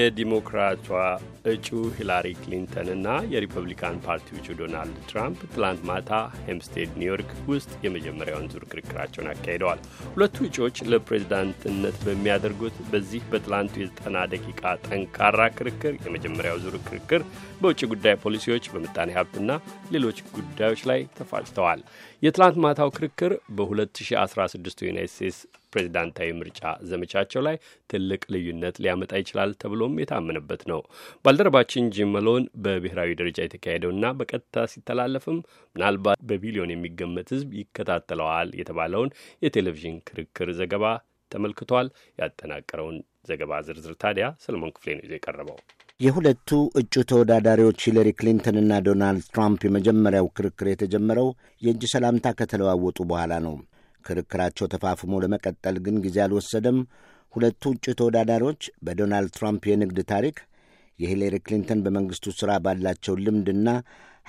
የዲሞክራቷ እጩ ሂላሪ ክሊንተንና የሪፐብሊካን ፓርቲ እጩ ዶናልድ ትራምፕ ትላንት ማታ ሄምስቴድ ኒውዮርክ ውስጥ የመጀመሪያውን ዙር ክርክራቸውን አካሂደዋል። ሁለቱ እጩዎች ለፕሬዝዳንትነት በሚያደርጉት በዚህ በትላንቱ የዘጠና ደቂቃ ጠንካራ ክርክር የመጀመሪያው ዙር ክርክር በውጭ ጉዳይ ፖሊሲዎች፣ በምጣኔ ሀብትና ሌሎች ጉዳዮች ላይ ተፋጭተዋል። የትላንት ማታው ክርክር በ2016 ዩናይት ስቴትስ ፕሬዚዳንታዊ ምርጫ ዘመቻቸው ላይ ትልቅ ልዩነት ሊያመጣ ይችላል ተብሎም የታመነበት ነው። ባልደረባችን ጂም መሎን በብሔራዊ ደረጃ የተካሄደውና በቀጥታ ሲተላለፍም ምናልባት በቢሊዮን የሚገመት ሕዝብ ይከታተለዋል የተባለውን የቴሌቪዥን ክርክር ዘገባ ተመልክቷል። ያጠናቀረውን ዘገባ ዝርዝር ታዲያ ሰለሞን ክፍሌ ነው ይዞ የቀረበው። የሁለቱ እጩ ተወዳዳሪዎች ሂለሪ ክሊንተንና ዶናልድ ትራምፕ የመጀመሪያው ክርክር የተጀመረው የእጅ ሰላምታ ከተለዋወጡ በኋላ ነው። ክርክራቸው ተፋፍሞ ለመቀጠል ግን ጊዜ አልወሰደም። ሁለቱ ውጭ ተወዳዳሪዎች በዶናልድ ትራምፕ የንግድ ታሪክ፣ የሂለሪ ክሊንተን በመንግሥቱ ሥራ ባላቸው ልምድና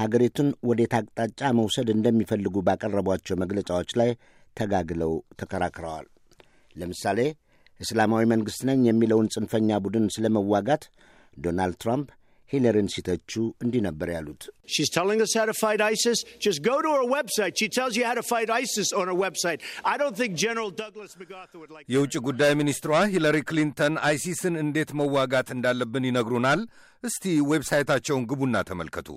ሀገሪቱን ወዴት አቅጣጫ መውሰድ እንደሚፈልጉ ባቀረቧቸው መግለጫዎች ላይ ተጋግለው ተከራክረዋል። ለምሳሌ እስላማዊ መንግሥት ነኝ የሚለውን ጽንፈኛ ቡድን ስለመዋጋት ዶናልድ ትራምፕ ሂለሪን ሲተቹ እንዲህ ነበር ያሉት። የውጭ ጉዳይ ሚኒስትሯ ሂለሪ ክሊንተን አይሲስን እንዴት መዋጋት እንዳለብን ይነግሩናል። እስቲ ዌብሳይታቸውን ግቡና ተመልከቱ።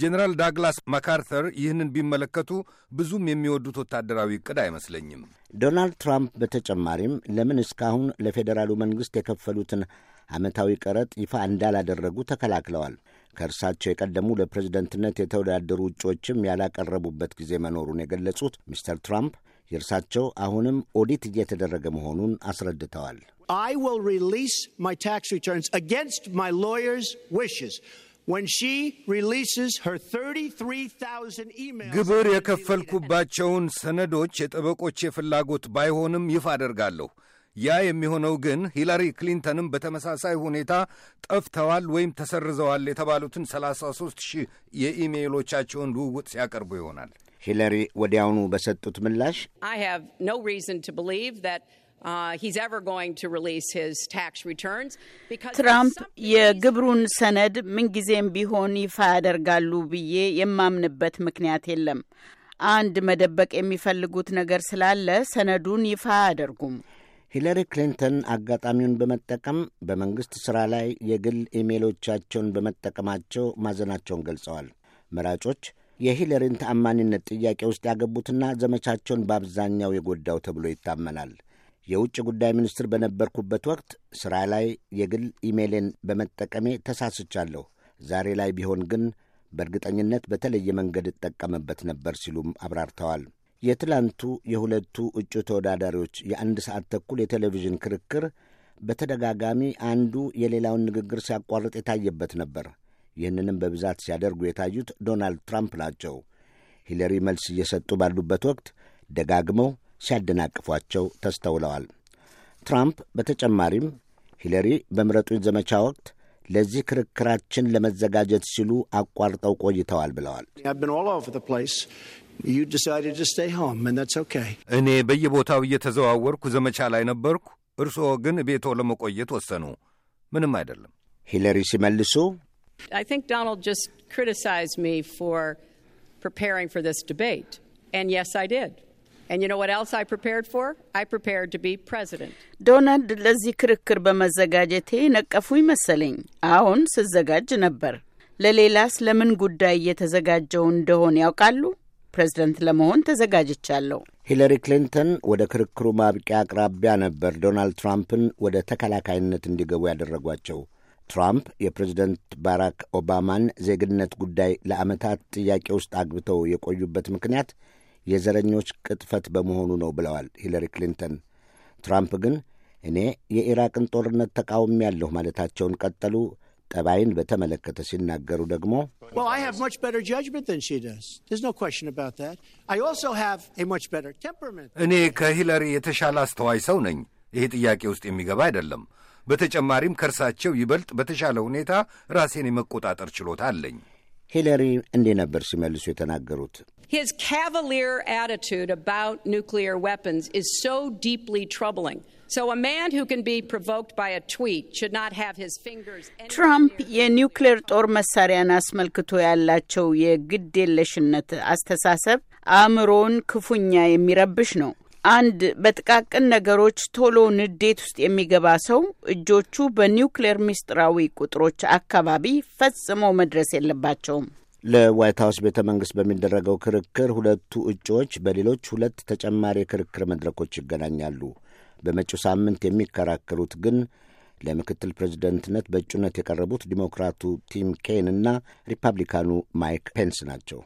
ጀነራል ዳግላስ ማካርተር ይህንን ቢመለከቱ ብዙም የሚወዱት ወታደራዊ እቅድ አይመስለኝም። ዶናልድ ትራምፕ በተጨማሪም ለምን እስካሁን ለፌዴራሉ መንግሥት የከፈሉትን ዓመታዊ ቀረጥ ይፋ እንዳላደረጉ ተከላክለዋል። ከእርሳቸው የቀደሙ ለፕሬዝደንትነት የተወዳደሩ ውጮችም ያላቀረቡበት ጊዜ መኖሩን የገለጹት ሚስተር ትራምፕ የእርሳቸው አሁንም ኦዲት እየተደረገ መሆኑን አስረድተዋል። ግብር የከፈልኩባቸውን ሰነዶች የጠበቆቼ ፍላጎት ባይሆንም ይፋ አደርጋለሁ ያ የሚሆነው ግን ሂላሪ ክሊንተንም በተመሳሳይ ሁኔታ ጠፍተዋል ወይም ተሰርዘዋል የተባሉትን 33 ሺህ የኢሜይሎቻቸውን ልውውጥ ሲያቀርቡ ይሆናል። ሂለሪ ወዲያውኑ በሰጡት ምላሽ ትራምፕ የግብሩን ሰነድ ምንጊዜም ቢሆን ይፋ ያደርጋሉ ብዬ የማምንበት ምክንያት የለም። አንድ መደበቅ የሚፈልጉት ነገር ስላለ ሰነዱን ይፋ አያደርጉም። ሂለሪ ክሊንተን አጋጣሚውን በመጠቀም በመንግሥት ሥራ ላይ የግል ኢሜሎቻቸውን በመጠቀማቸው ማዘናቸውን ገልጸዋል። መራጮች የሂለሪን ተአማኒነት ጥያቄ ውስጥ ያገቡትና ዘመቻቸውን በአብዛኛው የጎዳው ተብሎ ይታመናል። የውጭ ጉዳይ ሚኒስትር በነበርኩበት ወቅት ሥራ ላይ የግል ኢሜይሌን በመጠቀሜ ተሳስቻለሁ። ዛሬ ላይ ቢሆን ግን በእርግጠኝነት በተለየ መንገድ እጠቀምበት ነበር ሲሉም አብራርተዋል። የትላንቱ የሁለቱ እጩ ተወዳዳሪዎች የአንድ ሰዓት ተኩል የቴሌቪዥን ክርክር በተደጋጋሚ አንዱ የሌላውን ንግግር ሲያቋርጥ የታየበት ነበር። ይህንንም በብዛት ሲያደርጉ የታዩት ዶናልድ ትራምፕ ናቸው። ሂለሪ መልስ እየሰጡ ባሉበት ወቅት ደጋግመው ሲያደናቅፏቸው ተስተውለዋል። ትራምፕ በተጨማሪም ሂለሪ በምረጡኝ ዘመቻ ወቅት ለዚህ ክርክራችን ለመዘጋጀት ሲሉ አቋርጠው ቆይተዋል ብለዋል። እኔ በየቦታው እየተዘዋወርኩ ዘመቻ ላይ ነበርኩ። እርስዎ ግን ቤቶ ለመቆየት ወሰኑ። ምንም አይደለም። ሂለሪ ሲመልሱ ዶናልድ ለዚህ ክርክር በመዘጋጀቴ ነቀፉ ይመሰለኝ። አሁን ስዘጋጅ ነበር። ለሌላስ ለምን ጉዳይ እየተዘጋጀው እንደሆን ያውቃሉ? ፕሬዝደንት ለመሆን ተዘጋጅቻለሁ። ሂለሪ ክሊንተን ወደ ክርክሩ ማብቂያ አቅራቢያ ነበር ዶናልድ ትራምፕን ወደ ተከላካይነት እንዲገቡ ያደረጓቸው። ትራምፕ የፕሬዝደንት ባራክ ኦባማን ዜግነት ጉዳይ ለዓመታት ጥያቄ ውስጥ አግብተው የቆዩበት ምክንያት የዘረኞች ቅጥፈት በመሆኑ ነው ብለዋል ሂለሪ ክሊንተን። ትራምፕ ግን እኔ የኢራቅን ጦርነት ተቃውሜያለሁ ማለታቸውን ቀጠሉ። ጠባይን በተመለከተ ሲናገሩ ደግሞ እኔ ከሂለሪ የተሻለ አስተዋይ ሰው ነኝ። ይሄ ጥያቄ ውስጥ የሚገባ አይደለም። በተጨማሪም ከእርሳቸው ይበልጥ በተሻለ ሁኔታ ራሴን የመቆጣጠር ችሎታ አለኝ። ሂለሪ እንዲህ ነበር ሲመልሱ የተናገሩት። His cavalier attitude about nuclear weapons is so deeply troubling. ትራምፕ የኒውክሌር ጦር መሳሪያን አስመልክቶ ያላቸው የግድ የለሽነት አስተሳሰብ አእምሮን ክፉኛ የሚረብሽ ነው። አንድ በጥቃቅን ነገሮች ቶሎ ንዴት ውስጥ የሚገባ ሰው እጆቹ በኒውክሌር ምስጢራዊ ቁጥሮች አካባቢ ፈጽሞ መድረስ የለባቸውም። ለዋይት ሀውስ ቤተ መንግስት በሚደረገው ክርክር ሁለቱ እጩዎች በሌሎች ሁለት ተጨማሪ ክርክር መድረኮች ይገናኛሉ። በመጪው ሳምንት የሚከራከሩት ግን ለምክትል ፕሬዚደንትነት በእጩነት የቀረቡት ዲሞክራቱ ቲም ኬን እና ሪፐብሊካኑ ማይክ ፔንስ ናቸው።